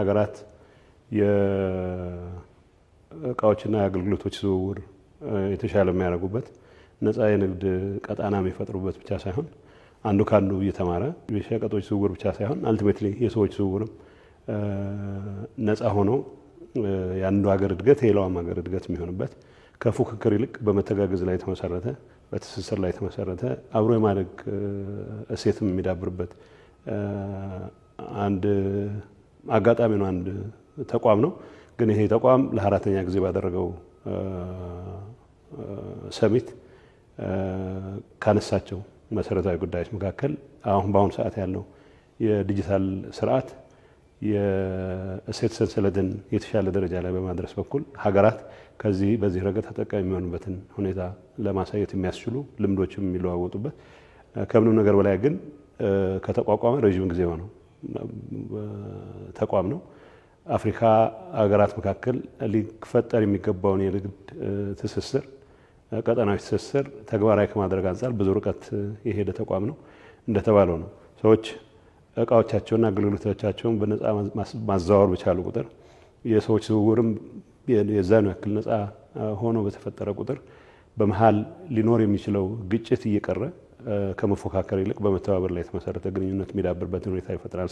ሀገራት የእቃዎችና የአገልግሎቶች ዝውውር የተሻለ የሚያደርጉበት ነጻ የንግድ ቀጣና የሚፈጥሩበት ብቻ ሳይሆን አንዱ ከአንዱ እየተማረ የሸቀጦች ዝውውር ብቻ ሳይሆን አልቲሜትሊ የሰዎች ዝውውርም ነጻ ሆኖ የአንዱ ሀገር እድገት የሌላውም ሀገር እድገት የሚሆንበት ከፉክክር ይልቅ በመተጋገዝ ላይ የተመሰረተ በትስስር ላይ የተመሰረተ አብሮ የማደግ እሴትም የሚዳብርበት አንድ አጋጣሚ ነው። አንድ ተቋም ነው። ግን ይሄ ተቋም ለአራተኛ ጊዜ ባደረገው ሰሚት ካነሳቸው መሰረታዊ ጉዳዮች መካከል አሁን በአሁኑ ሰዓት ያለው የዲጂታል ስርዓት የእሴት ሰንሰለትን የተሻለ ደረጃ ላይ በማድረስ በኩል ሀገራት ከዚህ በዚህ ረገድ ተጠቃሚ የሚሆኑበትን ሁኔታ ለማሳየት የሚያስችሉ ልምዶችም የሚለዋወጡበት ከምንም ነገር በላይ ግን ከተቋቋመ ረዥም ጊዜ ሆነው ተቋም ነው። አፍሪካ ሀገራት መካከል ሊፈጠር የሚገባውን የንግድ ትስስር፣ ቀጠናዊ ትስስር ተግባራዊ ከማድረግ አንጻር ብዙ ርቀት የሄደ ተቋም ነው። እንደተባለው ነው ሰዎች እቃዎቻቸውና አገልግሎቶቻቸውን በነፃ ማዘዋወር በቻሉ ቁጥር የሰዎች ዝውውርም የዛኑ ያክል ነፃ ሆኖ በተፈጠረ ቁጥር በመሀል ሊኖር የሚችለው ግጭት እየቀረ ከመፎካከር ይልቅ በመተባበር ላይ የተመሰረተ ግንኙነት የሚዳብርበትን ሁኔታ ይፈጥራል።